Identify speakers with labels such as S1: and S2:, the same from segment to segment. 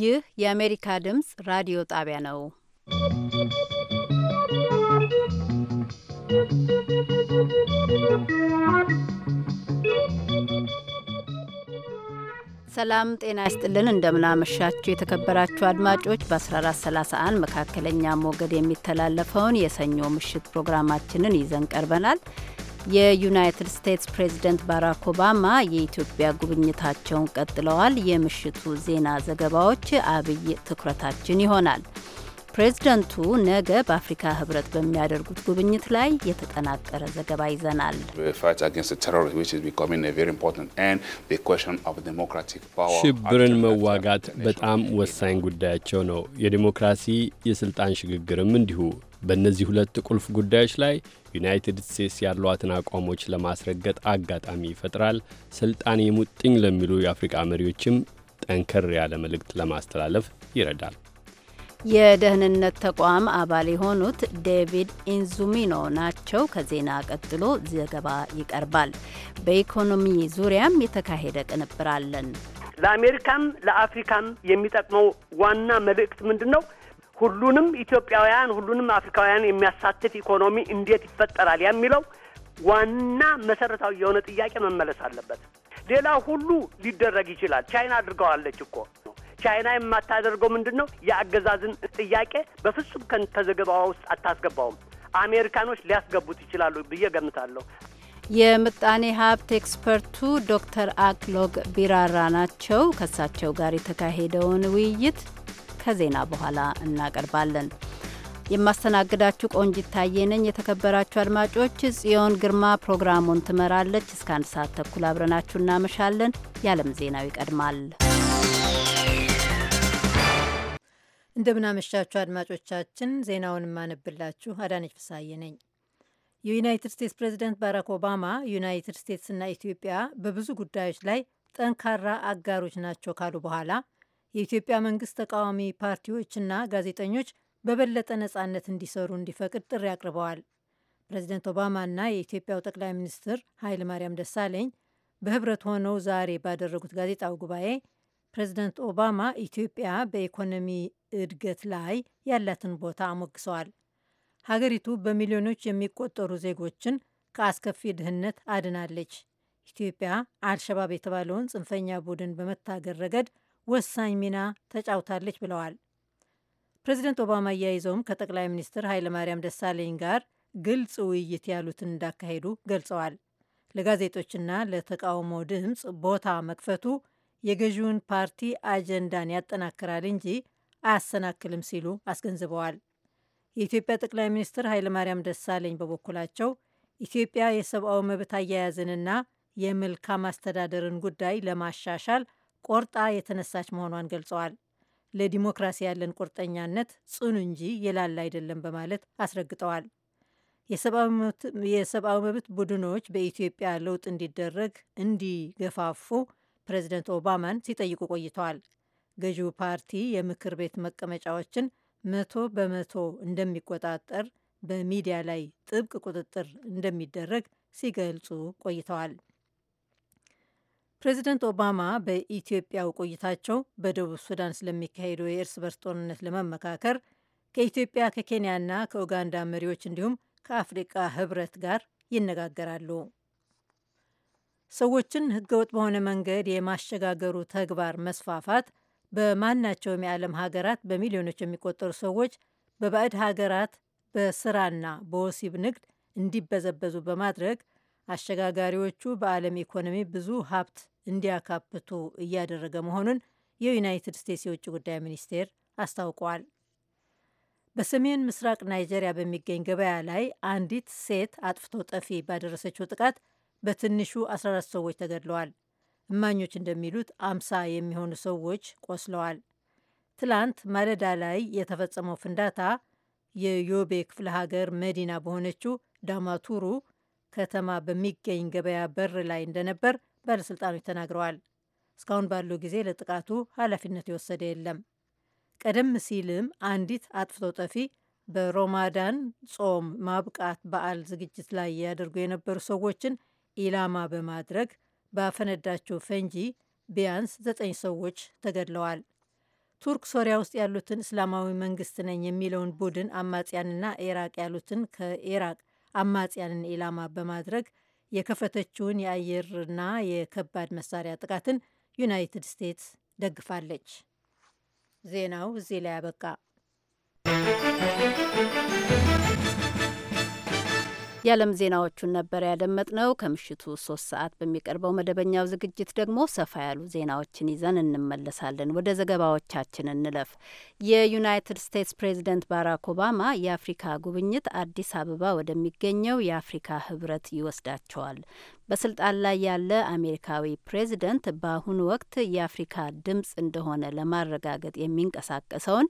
S1: ይህ የአሜሪካ ድምፅ ራዲዮ ጣቢያ ነው። ሰላም ጤና ይስጥልን። እንደምናመሻችሁ የተከበራችሁ አድማጮች በ1431 መካከለኛ ሞገድ የሚተላለፈውን የሰኞ ምሽት ፕሮግራማችንን ይዘን ቀርበናል። የዩናይትድ ስቴትስ ፕሬዝደንት ባራክ ኦባማ የኢትዮጵያ ጉብኝታቸውን ቀጥለዋል። የምሽቱ ዜና ዘገባዎች አብይ ትኩረታችን ይሆናል። ፕሬዝደንቱ ነገ በአፍሪካ ህብረት በሚያደርጉት ጉብኝት ላይ የተጠናቀረ ዘገባ ይዘናል። ሽብርን
S2: መዋጋት በጣም ወሳኝ ጉዳያቸው ነው። የዲሞክራሲ የስልጣን ሽግግርም እንዲሁ በእነዚህ ሁለት ቁልፍ ጉዳዮች ላይ ዩናይትድ ስቴትስ ያሏትን አቋሞች ለማስረገጥ አጋጣሚ ይፈጥራል። ስልጣን የሙጥኝ ለሚሉ የአፍሪቃ መሪዎችም ጠንከር ያለ መልእክት ለማስተላለፍ ይረዳል።
S1: የደህንነት ተቋም አባል የሆኑት ዴቪድ ኢንዙሚኖ ናቸው። ከዜና ቀጥሎ ዘገባ ይቀርባል። በኢኮኖሚ ዙሪያም የተካሄደ ቅንብር አለን።
S2: ለአሜሪካም ለአፍሪካም የሚጠቅመው ዋና መልእክት ምንድን ነው? ሁሉንም ኢትዮጵያውያን ሁሉንም አፍሪካውያን የሚያሳትፍ ኢኮኖሚ እንዴት ይፈጠራል የሚለው ዋና መሰረታዊ የሆነ ጥያቄ መመለስ አለበት። ሌላ ሁሉ ሊደረግ ይችላል። ቻይና አድርገዋለች እኮ። ቻይና የማታደርገው ምንድን ነው? የአገዛዝን ጥያቄ በፍጹም ከዘገባዋ ውስጥ አታስገባውም። አሜሪካኖች ሊያስገቡት ይችላሉ ብዬ ገምታለሁ።
S1: የምጣኔ ሀብት ኤክስፐርቱ ዶክተር አክሎግ ቢራራ ናቸው። ከእሳቸው ጋር የተካሄደውን ውይይት ከዜና በኋላ እናቀርባለን። የማስተናግዳችሁ ቆንጂት ታዬ ነኝ። የተከበራችሁ አድማጮች፣ ጽዮን ግርማ ፕሮግራሙን ትመራለች። እስከ አንድ ሰዓት ተኩል አብረናችሁ እናመሻለን። የዓለም ዜናው ይቀድማል።
S3: እንደምናመሻችሁ አድማጮቻችን፣ ዜናውን የማነብላችሁ አዳነች ፍሳዬ ነኝ። የዩናይትድ ስቴትስ ፕሬዚደንት ባራክ ኦባማ ዩናይትድ ስቴትስና ኢትዮጵያ በብዙ ጉዳዮች ላይ ጠንካራ አጋሮች ናቸው ካሉ በኋላ የኢትዮጵያ መንግስት ተቃዋሚ ፓርቲዎችና ጋዜጠኞች በበለጠ ነጻነት እንዲሰሩ እንዲፈቅድ ጥሪ አቅርበዋል። ፕሬዚደንት ኦባማና የኢትዮጵያው ጠቅላይ ሚኒስትር ኃይለ ማርያም ደሳለኝ በህብረት ሆነው ዛሬ ባደረጉት ጋዜጣዊ ጉባኤ ፕሬዚደንት ኦባማ ኢትዮጵያ በኢኮኖሚ እድገት ላይ ያላትን ቦታ አሞግሰዋል። ሀገሪቱ በሚሊዮኖች የሚቆጠሩ ዜጎችን ከአስከፊ ድህነት አድናለች። ኢትዮጵያ አልሸባብ የተባለውን ጽንፈኛ ቡድን በመታገር ረገድ ወሳኝ ሚና ተጫውታለች ብለዋል። ፕሬዚደንት ኦባማ አያይዘውም ከጠቅላይ ሚኒስትር ኃይለማርያም ደሳለኝ ጋር ግልጽ ውይይት ያሉትን እንዳካሄዱ ገልጸዋል። ለጋዜጦችና ለተቃውሞ ድምፅ ቦታ መክፈቱ የገዢውን ፓርቲ አጀንዳን ያጠናክራል እንጂ አያሰናክልም ሲሉ አስገንዝበዋል። የኢትዮጵያ ጠቅላይ ሚኒስትር ኃይለማርያም ደሳለኝ በበኩላቸው ኢትዮጵያ የሰብአዊ መብት አያያዝንና የመልካም አስተዳደርን ጉዳይ ለማሻሻል ቆርጣ የተነሳች መሆኗን ገልጸዋል። ለዲሞክራሲ ያለን ቁርጠኛነት ጽኑ እንጂ የላላ አይደለም በማለት አስረግጠዋል። የሰብአዊ መብት ቡድኖች በኢትዮጵያ ለውጥ እንዲደረግ እንዲገፋፉ ፕሬዚደንት ኦባማን ሲጠይቁ ቆይተዋል። ገዢው ፓርቲ የምክር ቤት መቀመጫዎችን መቶ በመቶ እንደሚቆጣጠር በሚዲያ ላይ ጥብቅ ቁጥጥር እንደሚደረግ ሲገልጹ ቆይተዋል። ፕሬዚደንት ኦባማ በኢትዮጵያው ቆይታቸው በደቡብ ሱዳን ስለሚካሄደው የእርስ በርስ ጦርነት ለመመካከር ከኢትዮጵያ ከኬንያና ከኡጋንዳ መሪዎች እንዲሁም ከአፍሪቃ ህብረት ጋር ይነጋገራሉ። ሰዎችን ህገወጥ በሆነ መንገድ የማሸጋገሩ ተግባር መስፋፋት በማናቸውም የዓለም ሀገራት በሚሊዮኖች የሚቆጠሩ ሰዎች በባዕድ ሀገራት በስራና በወሲብ ንግድ እንዲበዘበዙ በማድረግ አሸጋጋሪዎቹ በዓለም ኢኮኖሚ ብዙ ሀብት እንዲያካብቱ እያደረገ መሆኑን የዩናይትድ ስቴትስ የውጭ ጉዳይ ሚኒስቴር አስታውቋል። በሰሜን ምስራቅ ናይጄሪያ በሚገኝ ገበያ ላይ አንዲት ሴት አጥፍቶ ጠፊ ባደረሰችው ጥቃት በትንሹ 14 ሰዎች ተገድለዋል። እማኞች እንደሚሉት አምሳ የሚሆኑ ሰዎች ቆስለዋል። ትላንት ማለዳ ላይ የተፈጸመው ፍንዳታ የዮቤ ክፍለ ሀገር መዲና በሆነችው ዳማቱሩ ከተማ በሚገኝ ገበያ በር ላይ እንደነበር ባለሥልጣኖች ተናግረዋል። እስካሁን ባለው ጊዜ ለጥቃቱ ኃላፊነት የወሰደ የለም። ቀደም ሲልም አንዲት አጥፍቶ ጠፊ በሮማዳን ጾም ማብቃት በዓል ዝግጅት ላይ ያደርጉ የነበሩ ሰዎችን ኢላማ በማድረግ ባፈነዳቸው ፈንጂ ቢያንስ ዘጠኝ ሰዎች ተገድለዋል። ቱርክ ሶሪያ ውስጥ ያሉትን እስላማዊ መንግስት ነኝ የሚለውን ቡድን አማጽያንና ኢራቅ ያሉትን ከኢራቅ አማጽያንን ኢላማ በማድረግ የከፈተችውን የአየርና የከባድ መሳሪያ ጥቃትን ዩናይትድ ስቴትስ ደግፋለች። ዜናው እዚህ ላይ አበቃ።
S1: የዓለም ዜናዎቹን ነበር ያደመጥነው። ከምሽቱ ሶስት ሰዓት በሚቀርበው መደበኛው ዝግጅት ደግሞ ሰፋ ያሉ ዜናዎችን ይዘን እንመለሳለን። ወደ ዘገባዎቻችን እንለፍ። የዩናይትድ ስቴትስ ፕሬዚደንት ባራክ ኦባማ የአፍሪካ ጉብኝት አዲስ አበባ ወደሚገኘው የአፍሪካ ህብረት ይወስዳቸዋል። በስልጣን ላይ ያለ አሜሪካዊ ፕሬዚደንት በአሁኑ ወቅት የአፍሪካ ድምፅ እንደሆነ ለማረጋገጥ የሚንቀሳቀሰውን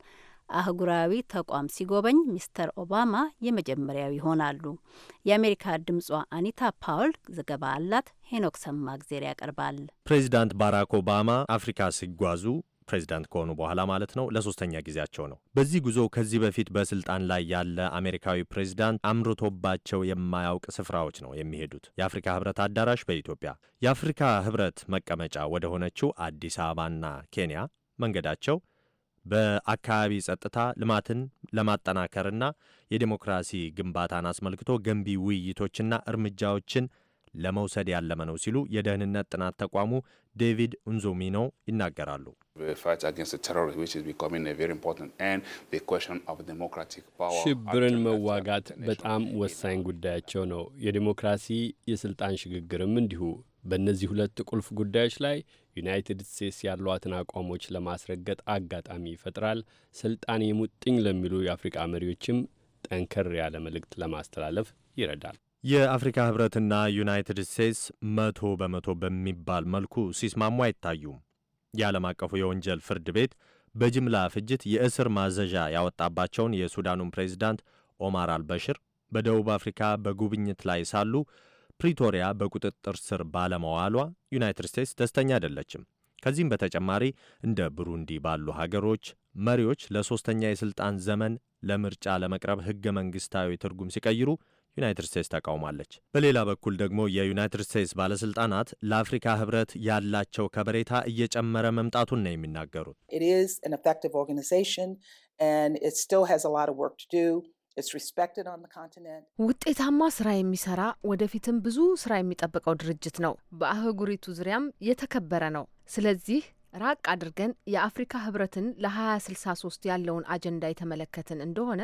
S1: አህጉራዊ ተቋም ሲጎበኝ ሚስተር ኦባማ የመጀመሪያው ይሆናሉ። የአሜሪካ ድምጿ አኒታ ፓውል ዘገባ አላት። ሄኖክ ሰማግዜር ያቀርባል።
S4: ፕሬዚዳንት ባራክ ኦባማ አፍሪካ ሲጓዙ ፕሬዚዳንት ከሆኑ በኋላ ማለት ነው። ለሶስተኛ ጊዜያቸው ነው። በዚህ ጉዞ ከዚህ በፊት በስልጣን ላይ ያለ አሜሪካዊ ፕሬዚዳንት አምርቶባቸው የማያውቅ ስፍራዎች ነው የሚሄዱት። የአፍሪካ ህብረት አዳራሽ በኢትዮጵያ የአፍሪካ ህብረት መቀመጫ ወደ ሆነችው አዲስ አበባና ኬንያ መንገዳቸው በአካባቢ ጸጥታ ልማትን ለማጠናከርና የዴሞክራሲ ግንባታን አስመልክቶ ገንቢ ውይይቶችና እርምጃዎችን ለመውሰድ ያለመ ነው ሲሉ የደህንነት ጥናት ተቋሙ ዴቪድ ኡንዞሚኖ ይናገራሉ።
S1: ሽብርን
S2: መዋጋት በጣም ወሳኝ ጉዳያቸው ነው። የዲሞክራሲ የስልጣን ሽግግርም እንዲሁ። በእነዚህ ሁለት ቁልፍ ጉዳዮች ላይ ዩናይትድ ስቴትስ ያሏትን አቋሞች ለማስረገጥ አጋጣሚ ይፈጥራል፣ ስልጣን የሙጥኝ ለሚሉ የአፍሪቃ መሪዎችም ጠንከር ያለ መልእክት ለማስተላለፍ ይረዳል።
S4: የአፍሪካ ህብረትና ዩናይትድ ስቴትስ መቶ በመቶ በሚባል መልኩ ሲስማሙ አይታዩም። የዓለም አቀፉ የወንጀል ፍርድ ቤት በጅምላ ፍጅት የእስር ማዘዣ ያወጣባቸውን የሱዳኑን ፕሬዚዳንት ኦማር አልበሽር በደቡብ አፍሪካ በጉብኝት ላይ ሳሉ ፕሪቶሪያ በቁጥጥር ስር ባለመዋሏ ዩናይትድ ስቴትስ ደስተኛ አይደለችም። ከዚህም በተጨማሪ እንደ ብሩንዲ ባሉ ሀገሮች መሪዎች ለሶስተኛ የሥልጣን ዘመን ለምርጫ ለመቅረብ ሕገ መንግሥታዊ ትርጉም ሲቀይሩ ዩናይትድ ስቴትስ ተቃውማለች። በሌላ በኩል ደግሞ የዩናይትድ ስቴትስ ባለስልጣናት ለአፍሪካ ህብረት ያላቸው ከበሬታ እየጨመረ መምጣቱን ነው የሚናገሩት።
S1: ውጤታማ ስራ የሚሰራ ወደፊትም ብዙ ስራ የሚጠብቀው ድርጅት ነው። በአህጉሪቱ ዙሪያም የተከበረ ነው። ስለዚህ ራቅ አድርገን የአፍሪካ ህብረትን ለ2063 ያለውን አጀንዳ የተመለከትን እንደሆነ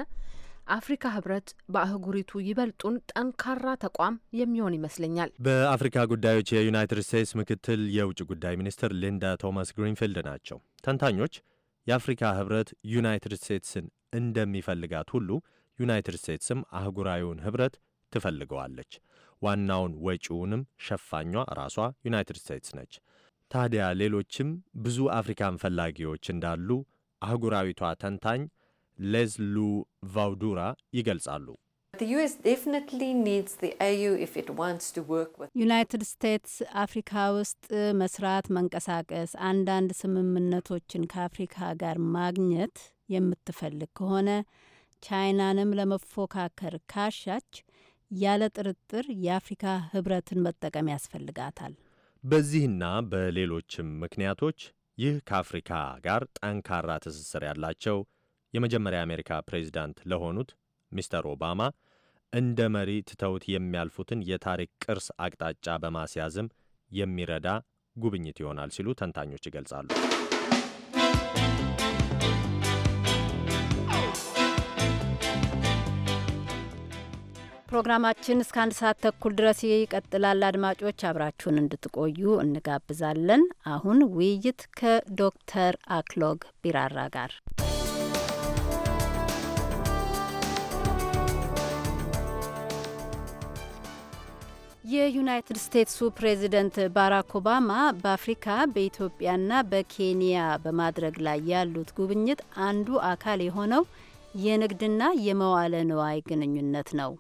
S1: አፍሪካ ህብረት በአህጉሪቱ ይበልጡን ጠንካራ ተቋም የሚሆን ይመስለኛል።
S4: በአፍሪካ ጉዳዮች የዩናይትድ ስቴትስ ምክትል የውጭ ጉዳይ ሚኒስትር ሊንዳ ቶማስ ግሪንፊልድ ናቸው። ተንታኞች የአፍሪካ ህብረት ዩናይትድ ስቴትስን እንደሚፈልጋት ሁሉ ዩናይትድ ስቴትስም አህጉራዊውን ኅብረት ትፈልገዋለች። ዋናውን ወጪውንም ሸፋኟ ራሷ ዩናይትድ ስቴትስ ነች። ታዲያ ሌሎችም ብዙ አፍሪካን ፈላጊዎች እንዳሉ አህጉራዊቷ ተንታኝ ሌዝሉ ቫውዱራ ይገልጻሉ።
S1: ዩናይትድ ስቴትስ አፍሪካ ውስጥ መስራት፣ መንቀሳቀስ፣ አንዳንድ ስምምነቶችን ከአፍሪካ ጋር ማግኘት የምትፈልግ ከሆነ ቻይናንም ለመፎካከር ካሻች ያለ ጥርጥር የአፍሪካ ህብረትን መጠቀም ያስፈልጋታል።
S4: በዚህና በሌሎችም ምክንያቶች ይህ ከአፍሪካ ጋር ጠንካራ ትስስር ያላቸው የመጀመሪያ አሜሪካ ፕሬዚዳንት ለሆኑት ሚስተር ኦባማ እንደ መሪ ትተውት የሚያልፉትን የታሪክ ቅርስ አቅጣጫ በማስያዝም የሚረዳ ጉብኝት ይሆናል ሲሉ ተንታኞች ይገልጻሉ።
S1: ፕሮግራማችን እስከ አንድ ሰዓት ተኩል ድረስ ይቀጥላል። አድማጮች አብራችሁን እንድትቆዩ እንጋብዛለን። አሁን ውይይት ከዶክተር አክሎግ ቢራራ ጋር የዩናይትድ ስቴትሱ ፕሬዚደንት ባራክ ኦባማ በአፍሪካ በኢትዮጵያና በኬንያ በማድረግ ላይ ያሉት ጉብኝት አንዱ አካል የሆነው የንግድና የመዋለ ንዋይ ግንኙነት ነው።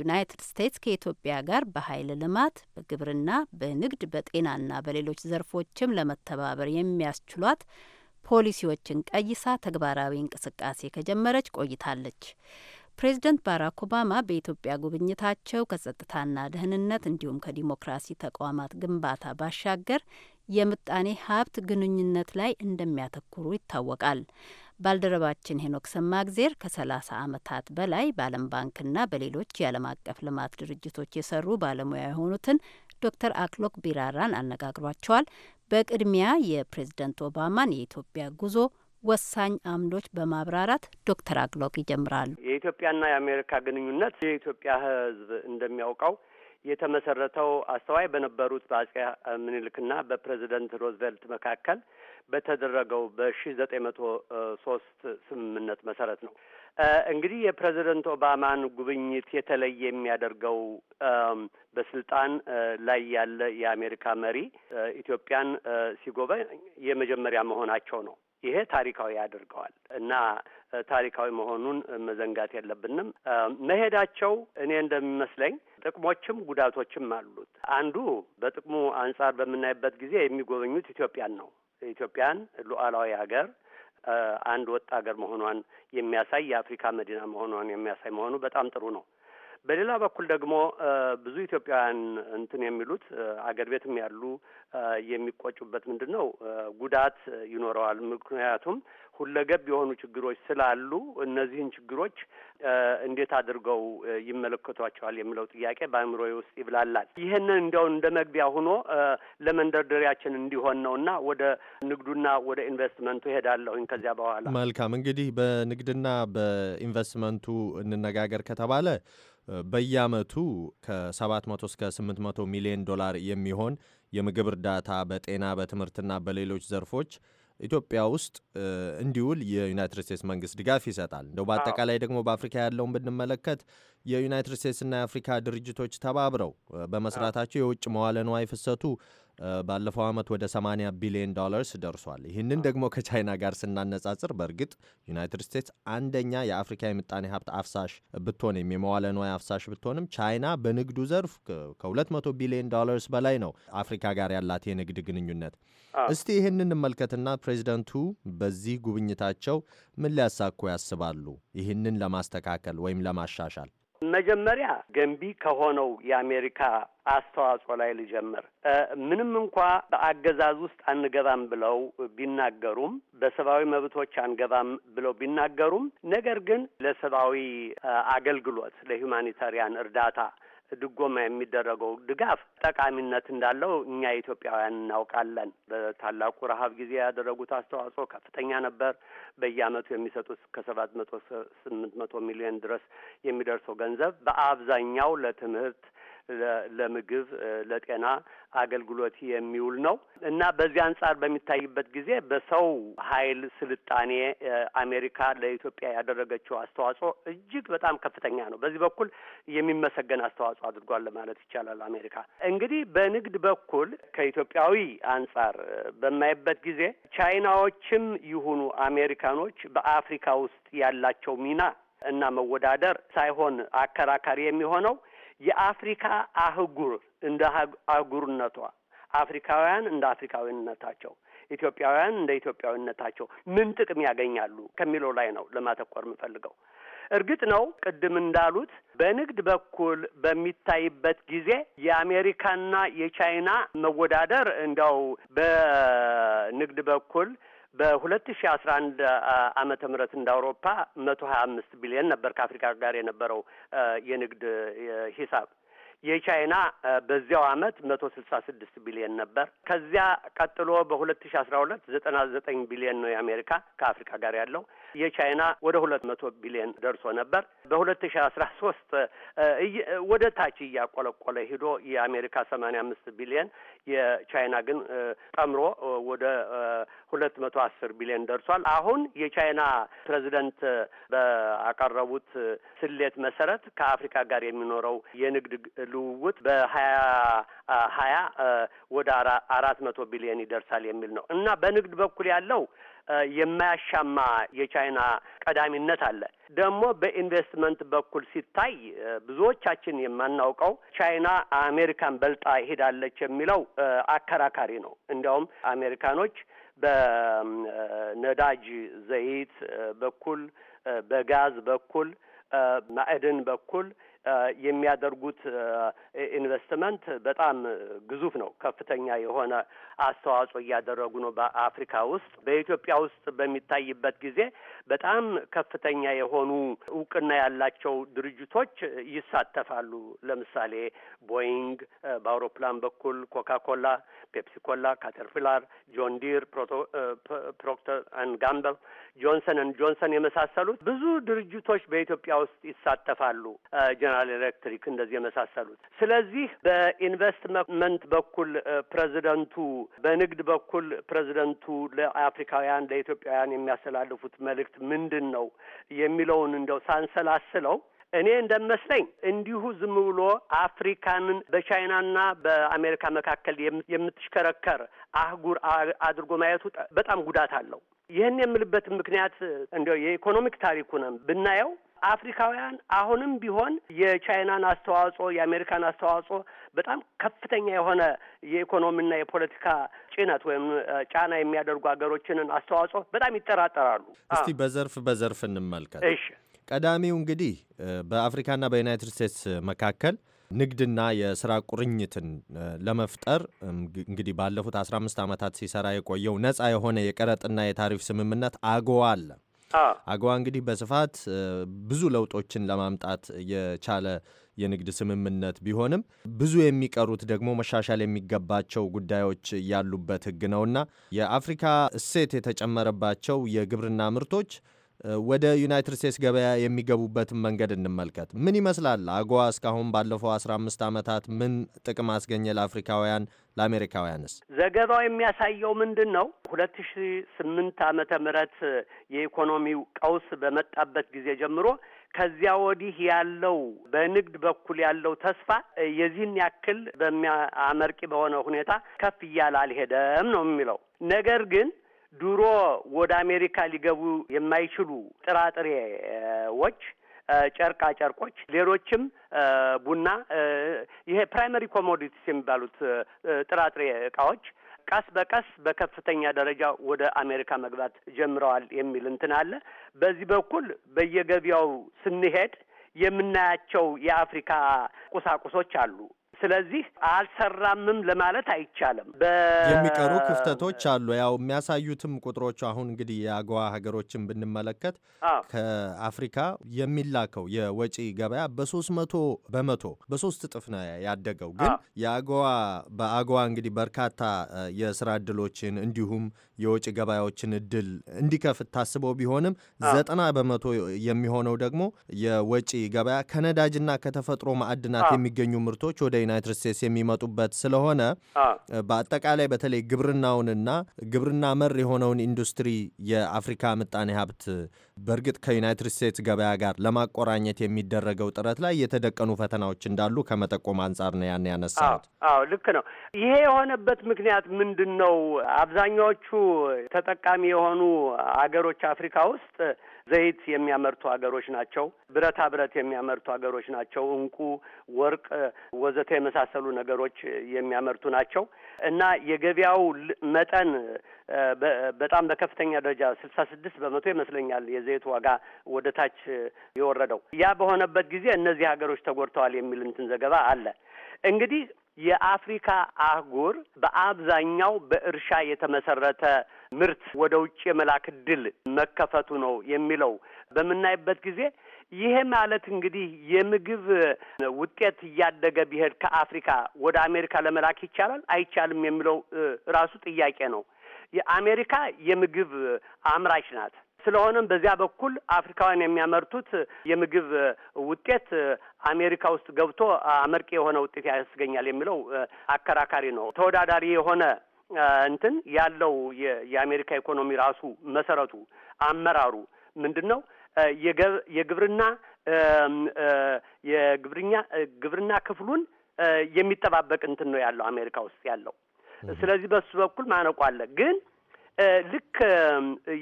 S1: ዩናይትድ ስቴትስ ከኢትዮጵያ ጋር በኃይል ልማት፣ በግብርና፣ በንግድ፣ በጤናና በሌሎች ዘርፎችም ለመተባበር የሚያስችሏት ፖሊሲዎችን ቀይሳ ተግባራዊ እንቅስቃሴ ከጀመረች ቆይታለች። ፕሬዝደንት ባራክ ኦባማ በኢትዮጵያ ጉብኝታቸው ከጸጥታና ደህንነት እንዲሁም ከዲሞክራሲ ተቋማት ግንባታ ባሻገር የምጣኔ ሀብት ግንኙነት ላይ እንደሚያተኩሩ ይታወቃል። ባልደረባችን ሄኖክ ሰማእግዜር ከ30 ዓመታት በላይ በዓለም ባንክና በሌሎች የዓለም አቀፍ ልማት ድርጅቶች የሰሩ ባለሙያ የሆኑትን ዶክተር አክሎክ ቢራራን አነጋግሯቸዋል። በቅድሚያ የፕሬዝደንት ኦባማን የኢትዮጵያ ጉዞ ወሳኝ አምዶች በማብራራት ዶክተር አክሎክ ይጀምራሉ።
S2: የኢትዮጵያና የአሜሪካ ግንኙነት የኢትዮጵያ ሕዝብ እንደሚያውቀው የተመሰረተው አስተዋይ በነበሩት በአጼ ምኒልክና በፕሬዝደንት ሮዝቬልት መካከል በተደረገው በሺ ዘጠኝ መቶ ሶስት ስምምነት መሰረት ነው። እንግዲህ የፕሬዚደንት ኦባማን ጉብኝት የተለየ የሚያደርገው በስልጣን ላይ ያለ የአሜሪካ መሪ ኢትዮጵያን ሲጎበኝ የመጀመሪያ መሆናቸው ነው። ይሄ ታሪካዊ ያደርገዋል እና ታሪካዊ መሆኑን መዘንጋት የለብንም። መሄዳቸው እኔ እንደሚመስለኝ ጥቅሞችም ጉዳቶችም አሉት። አንዱ በጥቅሙ አንጻር በምናይበት ጊዜ የሚጎበኙት ኢትዮጵያን ነው። ኢትዮጵያን ሉዓላዊ ሀገር አንድ ወጥ ሀገር መሆኗን የሚያሳይ የአፍሪካ መዲና መሆኗን የሚያሳይ መሆኑ በጣም ጥሩ ነው። በሌላ በኩል ደግሞ ብዙ ኢትዮጵያውያን እንትን የሚሉት አገር ቤትም ያሉ የሚቆጩበት ምንድን ነው ጉዳት ይኖረዋል። ምክንያቱም ሁለገብ የሆኑ ችግሮች ስላሉ እነዚህን ችግሮች እንዴት አድርገው ይመለከቷቸዋል የሚለው ጥያቄ በአእምሮ ውስጥ ይብላላል። ይህንን እንዲያው እንደ መግቢያ ሆኖ ለመንደርደሪያችን እንዲሆን ነውና ወደ ንግዱና ወደ ኢንቨስትመንቱ ሄዳለሁኝ። ከዚያ በኋላ
S4: መልካም እንግዲህ በንግድና በኢንቨስትመንቱ እንነጋገር ከተባለ በየአመቱ ከ700 እስከ 800 ሚሊዮን ዶላር የሚሆን የምግብ እርዳታ በጤና በትምህርትና በሌሎች ዘርፎች ኢትዮጵያ ውስጥ እንዲውል የዩናይትድ ስቴትስ መንግስት ድጋፍ ይሰጣል። እንደው በአጠቃላይ ደግሞ በአፍሪካ ያለውን ብንመለከት የዩናይትድ ስቴትስና የአፍሪካ ድርጅቶች ተባብረው በመስራታቸው የውጭ መዋለ ንዋይ ፍሰቱ ባለፈው ዓመት ወደ 80 ቢሊዮን ዶላርስ ደርሷል። ይህንን ደግሞ ከቻይና ጋር ስናነጻጽር በእርግጥ ዩናይትድ ስቴትስ አንደኛ የአፍሪካ የምጣኔ ሀብት አፍሳሽ ብትሆን የመዋለ ንዋይ አፍሳሽ ብትሆንም ቻይና በንግዱ ዘርፍ ከ200 ቢሊዮን ዶላርስ በላይ ነው አፍሪካ ጋር ያላት የንግድ ግንኙነት። እስቲ ይህን እንመልከትና ፕሬዚደንቱ በዚህ ጉብኝታቸው ምን ሊያሳኩ ያስባሉ? ይህንን ለማስተካከል ወይም ለማሻሻል
S2: መጀመሪያ ገንቢ ከሆነው የአሜሪካ አስተዋጽኦ ላይ ልጀምር። ምንም እንኳ በአገዛዝ ውስጥ አንገባም ብለው ቢናገሩም፣ በሰብአዊ መብቶች አንገባም ብለው ቢናገሩም፣ ነገር ግን ለሰብአዊ አገልግሎት ለሁማኒታሪያን እርዳታ ድጎማ የሚደረገው ድጋፍ ጠቃሚነት እንዳለው እኛ ኢትዮጵያውያን እናውቃለን። በታላቁ ረሀብ ጊዜ ያደረጉት አስተዋጽኦ ከፍተኛ ነበር። በየአመቱ የሚሰጡት እስከ ሰባት መቶ ስምንት መቶ ሚሊዮን ድረስ የሚደርሰው ገንዘብ በአብዛኛው ለትምህርት ለምግብ፣ ለጤና አገልግሎት የሚውል ነው እና በዚህ አንጻር በሚታይበት ጊዜ በሰው ኃይል ስልጣኔ አሜሪካ ለኢትዮጵያ ያደረገችው አስተዋጽኦ እጅግ በጣም ከፍተኛ ነው። በዚህ በኩል የሚመሰገን አስተዋጽኦ አድርጓል ለማለት ይቻላል። አሜሪካ እንግዲህ በንግድ በኩል ከኢትዮጵያዊ አንጻር በማይበት ጊዜ ቻይናዎችም ይሁኑ አሜሪካኖች በአፍሪካ ውስጥ ያላቸው ሚና እና መወዳደር ሳይሆን አከራካሪ የሚሆነው የአፍሪካ አህጉር እንደ አህጉርነቷ፣ አፍሪካውያን እንደ አፍሪካዊነታቸው፣ ኢትዮጵያውያን እንደ ኢትዮጵያዊነታቸው ምን ጥቅም ያገኛሉ ከሚለው ላይ ነው ለማተኮር የምፈልገው። እርግጥ ነው ቅድም እንዳሉት በንግድ በኩል በሚታይበት ጊዜ የአሜሪካና የቻይና መወዳደር እንዲያው በንግድ በኩል በሁለት ሺ አስራ አንድ አመተ ምህረት እንደ አውሮፓ መቶ ሀያ አምስት ቢሊዮን ነበር ከአፍሪካ ጋር የነበረው የንግድ ሂሳብ። የቻይና በዚያው አመት መቶ ስልሳ ስድስት ቢሊዮን ነበር። ከዚያ ቀጥሎ በሁለት ሺ አስራ ሁለት ዘጠና ዘጠኝ ቢሊዮን ነው የአሜሪካ ከአፍሪካ ጋር ያለው የቻይና ወደ ሁለት መቶ ቢሊዮን ደርሶ ነበር። በሁለት ሺ አስራ ሶስት ወደ ታች እያቆለቆለ ሂዶ የአሜሪካ ሰማንያ አምስት ቢሊዮን የቻይና ግን ጠምሮ ወደ ሁለት መቶ አስር ቢሊዮን ደርሷል። አሁን የቻይና ፕሬዚደንት በአቀረቡት ስሌት መሰረት ከአፍሪካ ጋር የሚኖረው የንግድ ልውውጥ በሀያ ሀያ ወደ አራት መቶ ቢሊዮን ይደርሳል የሚል ነው እና በንግድ በኩል ያለው የማያሻማ የቻይና ቀዳሚነት አለ። ደግሞ በኢንቨስትመንት በኩል ሲታይ ብዙዎቻችን የማናውቀው ቻይና አሜሪካን በልጣ ሄዳለች የሚለው አከራካሪ ነው። እንዲያውም አሜሪካኖች በነዳጅ ዘይት በኩል በጋዝ በኩል ማዕድን በኩል የሚያደርጉት ኢንቨስትመንት በጣም ግዙፍ ነው። ከፍተኛ የሆነ አስተዋጽኦ እያደረጉ ነው በአፍሪካ ውስጥ። በኢትዮጵያ ውስጥ በሚታይበት ጊዜ በጣም ከፍተኛ የሆኑ እውቅና ያላቸው ድርጅቶች ይሳተፋሉ። ለምሳሌ ቦይንግ በአውሮፕላን በኩል፣ ኮካ ኮላ ፔፕሲ ኮላ፣ ካተርፒላር፣ ጆን ዲር፣ ፕሮክተር አንድ ጋምበል፣ ጆንሰን አንድ ጆንሰን የመሳሰሉት ብዙ ድርጅቶች በኢትዮጵያ ውስጥ ይሳተፋሉ። ጀነራል ኤሌክትሪክ እንደዚህ የመሳሰሉት። ስለዚህ በኢንቨስትመንት በኩል ፕሬዚደንቱ፣ በንግድ በኩል ፕሬዚደንቱ ለአፍሪካውያን ለኢትዮጵያውያን የሚያስተላልፉት መልእክት ምንድን ነው የሚለውን እንደው ሳንሰላስለው እኔ እንደመስለኝ እንዲሁ ዝም ብሎ አፍሪካንን በቻይናና በአሜሪካ መካከል የምትሽከረከር አህጉር አድርጎ ማየቱ በጣም ጉዳት አለው። ይህን የምልበት ምክንያት እንዲያው የኢኮኖሚክ ታሪኩንም ብናየው አፍሪካውያን አሁንም ቢሆን የቻይናን አስተዋጽኦ የአሜሪካን አስተዋጽኦ በጣም ከፍተኛ የሆነ የኢኮኖሚና የፖለቲካ ጭነት ወይም ጫና የሚያደርጉ ሀገሮችንን አስተዋጽኦ በጣም ይጠራጠራሉ። እስቲ
S4: በዘርፍ በዘርፍ እንመልከት። እሺ ቀዳሚው እንግዲህ በአፍሪካና በዩናይትድ ስቴትስ መካከል ንግድና የስራ ቁርኝትን ለመፍጠር እንግዲህ ባለፉት 15 ዓመታት ሲሰራ የቆየው ነፃ የሆነ የቀረጥና የታሪፍ ስምምነት አጎዋ አለ። አጎዋ እንግዲህ በስፋት ብዙ ለውጦችን ለማምጣት የቻለ የንግድ ስምምነት ቢሆንም ብዙ የሚቀሩት ደግሞ መሻሻል የሚገባቸው ጉዳዮች ያሉበት ህግ ነውና የአፍሪካ እሴት የተጨመረባቸው የግብርና ምርቶች ወደ ዩናይትድ ስቴትስ ገበያ የሚገቡበትን መንገድ እንመልከት። ምን ይመስላል? አጎዋ እስካሁን ባለፈው አስራ አምስት ዓመታት ምን ጥቅም አስገኘ ለአፍሪካውያን ለአሜሪካውያንስ?
S2: ዘገባው የሚያሳየው ምንድን ነው? ሁለት ሺ ስምንት ዓመተ ምህረት የኢኮኖሚው ቀውስ በመጣበት ጊዜ ጀምሮ ከዚያ ወዲህ ያለው በንግድ በኩል ያለው ተስፋ የዚህን ያክል በሚያመርቂ በሆነ ሁኔታ ከፍ እያለ አልሄደም ነው የሚለው ነገር ግን ድሮ ወደ አሜሪካ ሊገቡ የማይችሉ ጥራጥሬዎች፣ ጨርቃ ጨርቆች፣ ሌሎችም ቡና፣ ይሄ ፕራይመሪ ኮሞዲቲስ የሚባሉት ጥራጥሬ እቃዎች ቀስ በቀስ በከፍተኛ ደረጃ ወደ አሜሪካ መግባት ጀምረዋል የሚል እንትን አለ። በዚህ በኩል በየገበያው ስንሄድ የምናያቸው የአፍሪካ ቁሳቁሶች አሉ። ስለዚህ አልሰራምም ለማለት አይቻልም። የሚቀሩ ክፍተቶች
S4: አሉ። ያው የሚያሳዩትም ቁጥሮቹ አሁን እንግዲህ የአገዋ ሀገሮችን ብንመለከት ከአፍሪካ የሚላከው የወጪ ገበያ በሶስት መቶ በመቶ በሶስት እጥፍ ነው ያደገው። ግን የአገዋ በአገዋ እንግዲህ በርካታ የስራ እድሎችን እንዲሁም የወጪ ገበያዎችን እድል እንዲከፍት ታስበው ቢሆንም ዘጠና በመቶ የሚሆነው ደግሞ የወጪ ገበያ ከነዳጅና ከተፈጥሮ ማዕድናት የሚገኙ ምርቶች ወደ ዩናይትድ ስቴትስ የሚመጡበት ስለሆነ በአጠቃላይ በተለይ ግብርናውንና ግብርና መር የሆነውን ኢንዱስትሪ የአፍሪካ ምጣኔ ሀብት በእርግጥ ከዩናይትድ ስቴትስ ገበያ ጋር ለማቆራኘት የሚደረገው ጥረት ላይ የተደቀኑ ፈተናዎች እንዳሉ ከመጠቆም አንጻር ነው ያን ያነሳሁት።
S2: አዎ ልክ ነው። ይሄ የሆነበት ምክንያት ምንድን ነው? አብዛኛዎቹ ተጠቃሚ የሆኑ አገሮች አፍሪካ ውስጥ ዘይት የሚያመርቱ ሀገሮች ናቸው። ብረታ ብረት የሚያመርቱ ሀገሮች ናቸው። እንቁ፣ ወርቅ ወዘተ የመሳሰሉ ነገሮች የሚያመርቱ ናቸው እና የገበያው መጠን በጣም በከፍተኛ ደረጃ ስልሳ ስድስት በመቶ ይመስለኛል የዘይት ዋጋ ወደ ታች የወረደው። ያ በሆነበት ጊዜ እነዚህ ሀገሮች ተጎድተዋል የሚል እንትን ዘገባ አለ እንግዲህ የአፍሪካ አህጉር በአብዛኛው በእርሻ የተመሰረተ ምርት ወደ ውጭ የመላክ እድል መከፈቱ ነው የሚለው በምናይበት ጊዜ ይሄ ማለት እንግዲህ የምግብ ውጤት እያደገ ቢሄድ ከአፍሪካ ወደ አሜሪካ ለመላክ ይቻላል አይቻልም የሚለው ራሱ ጥያቄ ነው። የአሜሪካ የምግብ አምራች ናት። ስለሆነም በዚያ በኩል አፍሪካውያን የሚያመርቱት የምግብ ውጤት አሜሪካ ውስጥ ገብቶ አመርቂ የሆነ ውጤት ያስገኛል የሚለው አከራካሪ ነው። ተወዳዳሪ የሆነ እንትን ያለው የአሜሪካ ኢኮኖሚ ራሱ መሰረቱ አመራሩ ምንድን ነው? የግብርና የግብርኛ ግብርና ክፍሉን የሚጠባበቅ እንትን ነው ያለው አሜሪካ ውስጥ ያለው። ስለዚህ በሱ በኩል ማነቆ አለ። ግን ልክ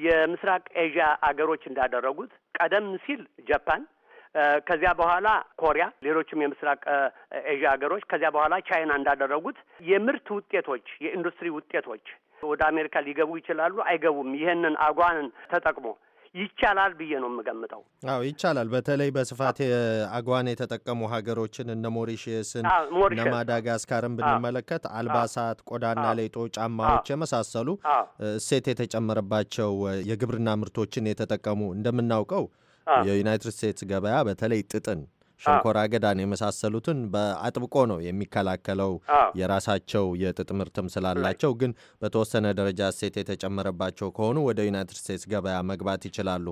S2: የምስራቅ ኤዥያ አገሮች እንዳደረጉት ቀደም ሲል ጃፓን ከዚያ በኋላ ኮሪያ፣ ሌሎችም የምስራቅ ኤዥያ ሀገሮች ከዚያ በኋላ ቻይና እንዳደረጉት የምርት ውጤቶች የኢንዱስትሪ ውጤቶች ወደ አሜሪካ ሊገቡ ይችላሉ አይገቡም? ይህንን አጓንን ተጠቅሞ ይቻላል ብዬ ነው የምገምጠው።
S4: አዎ ይቻላል። በተለይ በስፋት አግዋን የተጠቀሙ ሀገሮችን እነ ሞሪሽስን እነ ማዳጋስካርን ብንመለከት አልባሳት፣ ቆዳና ሌጦ፣ ጫማዎች የመሳሰሉ እሴት የተጨመረባቸው የግብርና ምርቶችን የተጠቀሙ እንደምናውቀው የዩናይትድ ስቴትስ ገበያ በተለይ ጥጥን ሸንኮራ አገዳን የመሳሰሉትን በአጥብቆ ነው የሚከላከለው። የራሳቸው የጥጥ ምርትም ስላላቸው ግን በተወሰነ ደረጃ እሴት የተጨመረባቸው ከሆኑ ወደ ዩናይትድ ስቴትስ ገበያ መግባት ይችላሉ።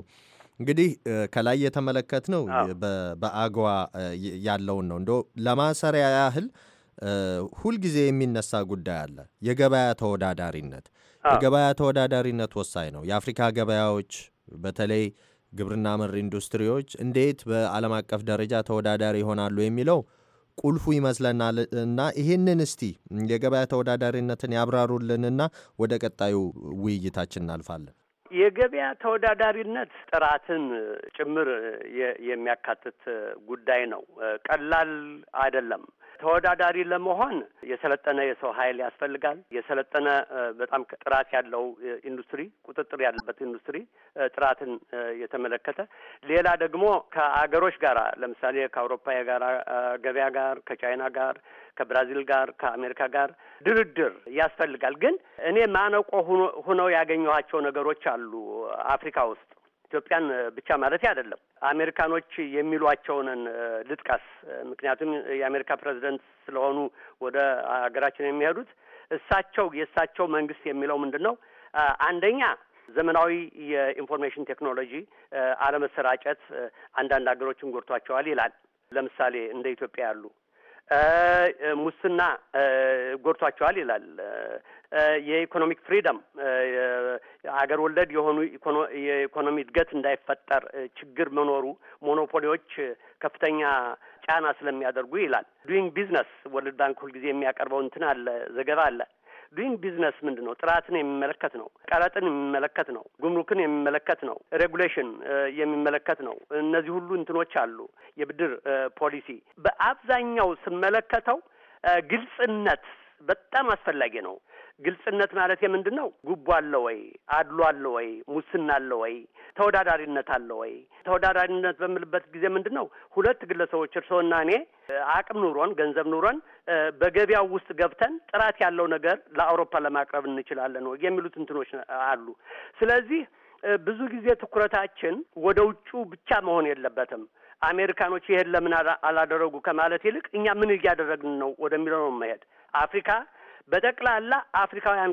S4: እንግዲህ ከላይ የተመለከት ነው በአግዋ ያለውን ነው። እንደ ለማሰሪያ ያህል ሁልጊዜ የሚነሳ ጉዳይ አለ። የገበያ ተወዳዳሪነት የገበያ ተወዳዳሪነት ወሳኝ ነው። የአፍሪካ ገበያዎች በተለይ ግብርና መር ኢንዱስትሪዎች እንዴት በዓለም አቀፍ ደረጃ ተወዳዳሪ ይሆናሉ የሚለው ቁልፉ ይመስለናል እና ይህንን እስቲ የገበያ ተወዳዳሪነትን ያብራሩልንና ወደ ቀጣዩ ውይይታችን እናልፋለን።
S2: የገበያ ተወዳዳሪነት ጥራትን ጭምር የሚያካትት ጉዳይ ነው። ቀላል አይደለም። ተወዳዳሪ ለመሆን የሰለጠነ የሰው ኃይል ያስፈልጋል። የሰለጠነ በጣም ጥራት ያለው ኢንዱስትሪ፣ ቁጥጥር ያለበት ኢንዱስትሪ፣ ጥራትን የተመለከተ ሌላ ደግሞ ከአገሮች ጋር ለምሳሌ ከአውሮፓ የጋራ ገበያ ጋር፣ ከቻይና ጋር፣ ከብራዚል ጋር፣ ከአሜሪካ ጋር ድርድር ያስፈልጋል። ግን እኔ ማነቆ ሆነው ያገኘኋቸው ነገሮች አሉ አፍሪካ ውስጥ ኢትዮጵያን ብቻ ማለት አይደለም። አሜሪካኖች የሚሏቸውንን ልጥቀስ። ምክንያቱም የአሜሪካ ፕሬዚደንት ስለሆኑ ወደ ሀገራችን የሚሄዱት እሳቸው የእሳቸው መንግስት የሚለው ምንድን ነው? አንደኛ ዘመናዊ የኢንፎርሜሽን ቴክኖሎጂ አለመሰራጨት አንዳንድ ሀገሮችን ጎድቷቸዋል ይላል። ለምሳሌ እንደ ኢትዮጵያ ያሉ ሙስና ጎድቷቸዋል ይላል። የኢኮኖሚክ ፍሪደም አገር ወለድ የሆኑ የኢኮኖሚ እድገት እንዳይፈጠር ችግር መኖሩ፣ ሞኖፖሊዎች ከፍተኛ ጫና ስለሚያደርጉ ይላል። ዱዊንግ ቢዝነስ ወርልድ ባንክ ሁልጊዜ የሚያቀርበው እንትን አለ ዘገባ አለ ግን ቢዝነስ ምንድን ነው? ጥራትን የሚመለከት ነው። ቀረጥን የሚመለከት ነው። ጉምሩክን የሚመለከት ነው። ሬጉሌሽን uh, የሚመለከት ነው። እነዚህ ሁሉ እንትኖች አሉ። የብድር uh, ፖሊሲ በአብዛኛው ስመለከተው uh, ግልጽነት በጣም አስፈላጊ ነው። ግልጽነት ማለት የምንድን ነው? ጉቦ አለ ወይ? አድሎ አለ ወይ? ሙስና አለ ወይ? ተወዳዳሪነት አለ ወይ? ተወዳዳሪነት በምልበት ጊዜ ምንድን ነው? ሁለት ግለሰቦች እርስዎና እኔ አቅም ኑሮን ገንዘብ ኑሮን በገበያው ውስጥ ገብተን ጥራት ያለው ነገር ለአውሮፓ ለማቅረብ እንችላለን የሚሉት እንትኖች አሉ። ስለዚህ ብዙ ጊዜ ትኩረታችን ወደ ውጩ ብቻ መሆን የለበትም። አሜሪካኖች ይሄን ለምን አላደረጉ ከማለት ይልቅ እኛ ምን እያደረግን ነው ወደሚለው ነው መሄድ። አፍሪካ በጠቅላላ አፍሪካውያን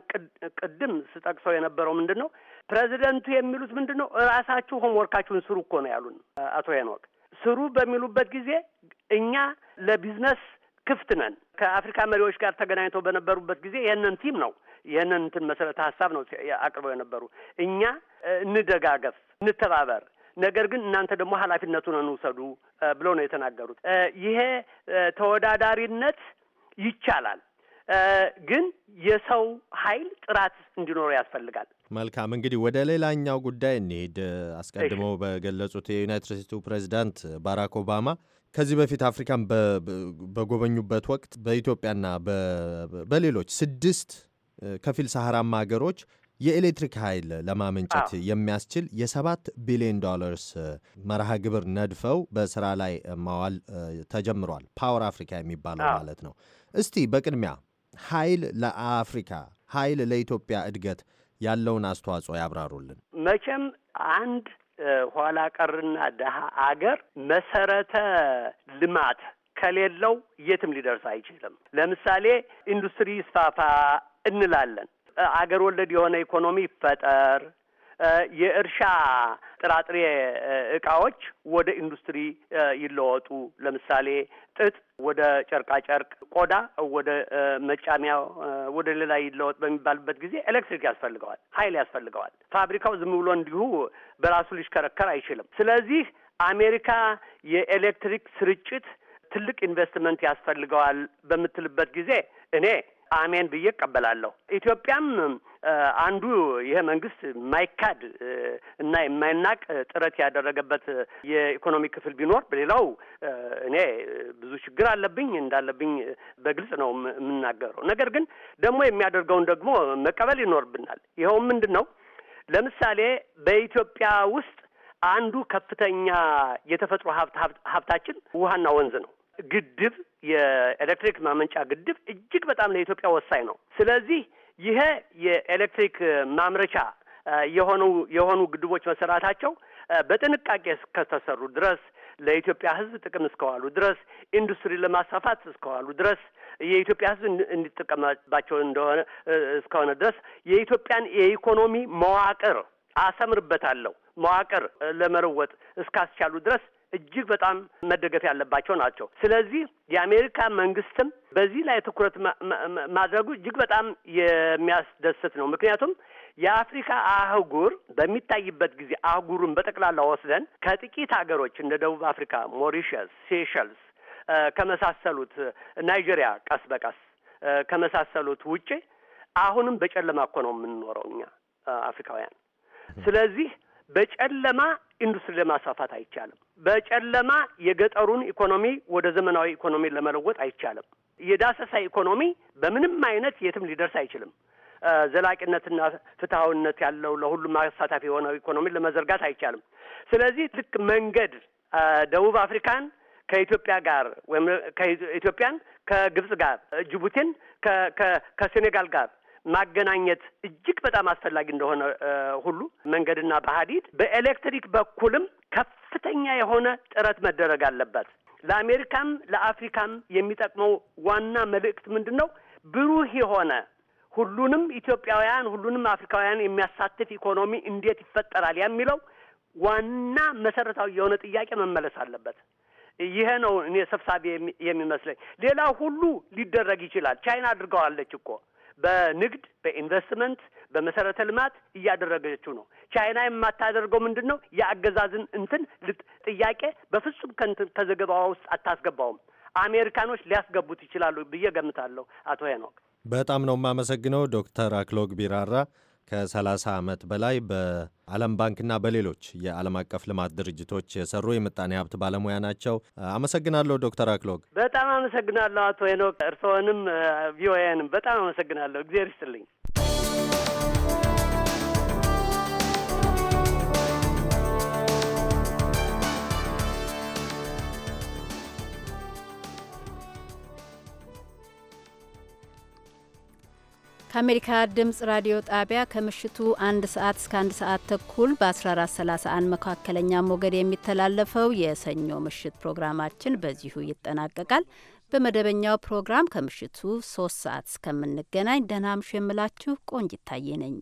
S2: ቅድም ስጠቅሰው የነበረው ምንድን ነው ፕሬዚደንቱ የሚሉት ምንድን ነው? እራሳችሁ ሆምወርካችሁን ስሩ እኮ ነው ያሉን አቶ ሄኖክ። ስሩ በሚሉበት ጊዜ እኛ ለቢዝነስ ክፍት ነን። ከአፍሪካ መሪዎች ጋር ተገናኝተው በነበሩበት ጊዜ ይህንን ቲም ነው ይህንን እንትን መሰረተ ሀሳብ ነው አቅርበው የነበሩ። እኛ እንደጋገፍ፣ እንተባበር፣ ነገር ግን እናንተ ደግሞ ሀላፊነቱን እንውሰዱ ብለው ነው የተናገሩት። ይሄ ተወዳዳሪነት ይቻላል ግን የሰው ኃይል ጥራት እንዲኖረው ያስፈልጋል።
S4: መልካም እንግዲህ ወደ ሌላኛው ጉዳይ እንሄድ። አስቀድመው በገለጹት የዩናይትድ ስቴቱ ፕሬዚዳንት ባራክ ኦባማ ከዚህ በፊት አፍሪካን በጎበኙበት ወቅት በኢትዮጵያና በሌሎች ስድስት ከፊል ሰሃራማ ሀገሮች የኤሌክትሪክ ኃይል ለማመንጨት የሚያስችል የሰባት ቢሊዮን ዶላርስ መርሃ ግብር ነድፈው በስራ ላይ ማዋል ተጀምሯል። ፓወር አፍሪካ የሚባለው ማለት ነው። እስቲ በቅድሚያ ኃይል ለአፍሪካ ኃይል ለኢትዮጵያ እድገት ያለውን አስተዋጽኦ ያብራሩልን።
S2: መቼም አንድ ኋላ ቀርና ድሀ አገር መሰረተ ልማት ከሌለው የትም ሊደርስ አይችልም። ለምሳሌ ኢንዱስትሪ ይስፋፋ እንላለን። አገር ወለድ የሆነ ኢኮኖሚ ይፈጠር፣ የእርሻ ጥራጥሬ እቃዎች ወደ ኢንዱስትሪ ይለወጡ። ለምሳሌ ጥጥ ወደ ጨርቃጨርቅ፣ ቆዳ ወደ መጫሚያ፣ ወደ ሌላ ይለወጥ በሚባልበት ጊዜ ኤሌክትሪክ ያስፈልገዋል፣ ኃይል ያስፈልገዋል። ፋብሪካው ዝም ብሎ እንዲሁ በራሱ ሊሽከረከር አይችልም። ስለዚህ አሜሪካ የኤሌክትሪክ ስርጭት ትልቅ ኢንቨስትመንት ያስፈልገዋል በምትልበት ጊዜ እኔ አሜን ብዬ እቀበላለሁ። ኢትዮጵያም አንዱ ይሄ መንግስት የማይካድ እና የማይናቅ ጥረት ያደረገበት የኢኮኖሚ ክፍል ቢኖር፣ በሌላው እኔ ብዙ ችግር አለብኝ እንዳለብኝ በግልጽ ነው የምናገረው። ነገር ግን ደግሞ የሚያደርገውን ደግሞ መቀበል ይኖርብናል። ይኸውም ምንድን ነው? ለምሳሌ በኢትዮጵያ ውስጥ አንዱ ከፍተኛ የተፈጥሮ ሀብት ሀብታችን ውሃና ወንዝ ነው። ግድብ የኤሌክትሪክ ማመንጫ ግድብ እጅግ በጣም ለኢትዮጵያ ወሳኝ ነው። ስለዚህ ይሄ የኤሌክትሪክ ማምረቻ የሆኑ የሆኑ ግድቦች መሰራታቸው በጥንቃቄ እስከተሰሩ ድረስ ለኢትዮጵያ ሕዝብ ጥቅም እስከዋሉ ድረስ ኢንዱስትሪ ለማስፋፋት እስከዋሉ ድረስ የኢትዮጵያ ሕዝብ እንዲጠቀምባቸው እንደሆነ እስከሆነ ድረስ የኢትዮጵያን የኢኮኖሚ መዋቅር አሰምርበታለሁ መዋቅር ለመረወጥ እስካስቻሉ ድረስ እጅግ በጣም መደገፍ ያለባቸው ናቸው። ስለዚህ የአሜሪካ መንግስትም በዚህ ላይ ትኩረት ማድረጉ እጅግ በጣም የሚያስደስት ነው። ምክንያቱም የአፍሪካ አህጉር በሚታይበት ጊዜ አህጉሩን በጠቅላላ ወስደን ከጥቂት ሀገሮች እንደ ደቡብ አፍሪካ፣ ሞሪሸስ፣ ሴሸልስ ከመሳሰሉት ናይጄሪያ ቀስ በቀስ ከመሳሰሉት ውጪ አሁንም በጨለማ እኮ ነው የምንኖረው እኛ አፍሪካውያን። ስለዚህ በጨለማ ኢንዱስትሪ ለማስፋፋት አይቻልም። በጨለማ የገጠሩን ኢኮኖሚ ወደ ዘመናዊ ኢኮኖሚ ለመለወጥ አይቻልም። የዳሰሳ ኢኮኖሚ በምንም አይነት የትም ሊደርስ አይችልም። ዘላቂነትና ፍትሐዊነት ያለው ለሁሉም አሳታፊ የሆነው ኢኮኖሚ ለመዘርጋት አይቻልም። ስለዚህ ልክ መንገድ ደቡብ አፍሪካን ከኢትዮጵያ ጋር ወይም ከኢትዮጵያን ከግብጽ ጋር ጅቡቲን ከሴኔጋል ጋር ማገናኘት እጅግ በጣም አስፈላጊ እንደሆነ ሁሉ መንገድና በሀዲድ በኤሌክትሪክ በኩልም ከፍተኛ የሆነ ጥረት መደረግ አለበት። ለአሜሪካም ለአፍሪካም የሚጠቅመው ዋና መልእክት ምንድን ነው? ብሩህ የሆነ ሁሉንም ኢትዮጵያውያን ሁሉንም አፍሪካውያን የሚያሳትፍ ኢኮኖሚ እንዴት ይፈጠራል የሚለው ዋና መሰረታዊ የሆነ ጥያቄ መመለስ አለበት። ይሄ ነው እኔ ሰብሳቢ የሚመስለኝ። ሌላ ሁሉ ሊደረግ ይችላል። ቻይና አድርገዋለች እኮ በንግድ፣ በኢንቨስትመንት፣ በመሰረተ ልማት እያደረገችው ነው። ቻይና የማታደርገው ምንድን ነው? የአገዛዝን እንትን ጥያቄ በፍጹም ከዘገባዋ ውስጥ አታስገባውም። አሜሪካኖች ሊያስገቡት ይችላሉ ብዬ ገምታለሁ። አቶ ሄኖክ
S4: በጣም ነው የማመሰግነው ዶክተር አክሎግ ቢራራ ከ30 ዓመት በላይ በዓለም ባንክና በሌሎች የዓለም አቀፍ ልማት ድርጅቶች የሰሩ የምጣኔ ሀብት ባለሙያ ናቸው። አመሰግናለሁ ዶክተር አክሎግ።
S2: በጣም አመሰግናለሁ አቶ ሄኖክ፣ እርስዎንም ቪኦኤንም በጣም አመሰግናለሁ። እግዜር ይስጥልኝ።
S1: ከአሜሪካ ድምፅ ራዲዮ ጣቢያ ከምሽቱ አንድ ሰዓት እስከ አንድ ሰዓት ተኩል በ1431 መካከለኛ ሞገድ የሚተላለፈው የሰኞ ምሽት ፕሮግራማችን በዚሁ ይጠናቀቃል። በመደበኛው ፕሮግራም ከምሽቱ ሶስት ሰዓት እስከምንገናኝ ደህና ምሹ የምላችሁ ቆንጅ ይታየ ነኝ።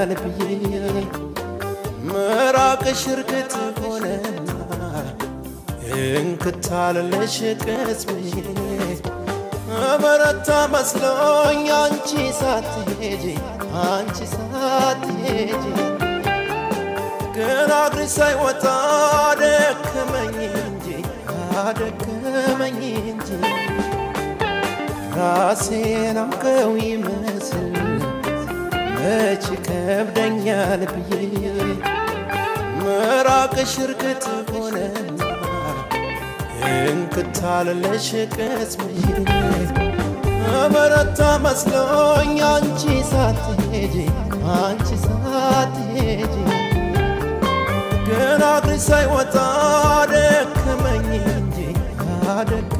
S5: ይሆናል ብዬ ምራቅሽ እርግጥ ሆነና እንክታለለሽ ቅስሜ እበረታ መስሎኝ አንቺ ሳትሄጂ አንቺ ሳትሄጂ ሳይወጣ አደከመኝ እንጂ አደከመኝ እንጂ ራሴን መች ከብደኛል ብዬ ምራቅሽ ርክት ሆነ እንክታልለሽ ቅስምዬ በረታ መስሎኝ አንቺ ሳትሄጂ አንቺ ሳትሄጂ ግን አግሪ ሳይወጣ ደከመኝ እንጂ አደከ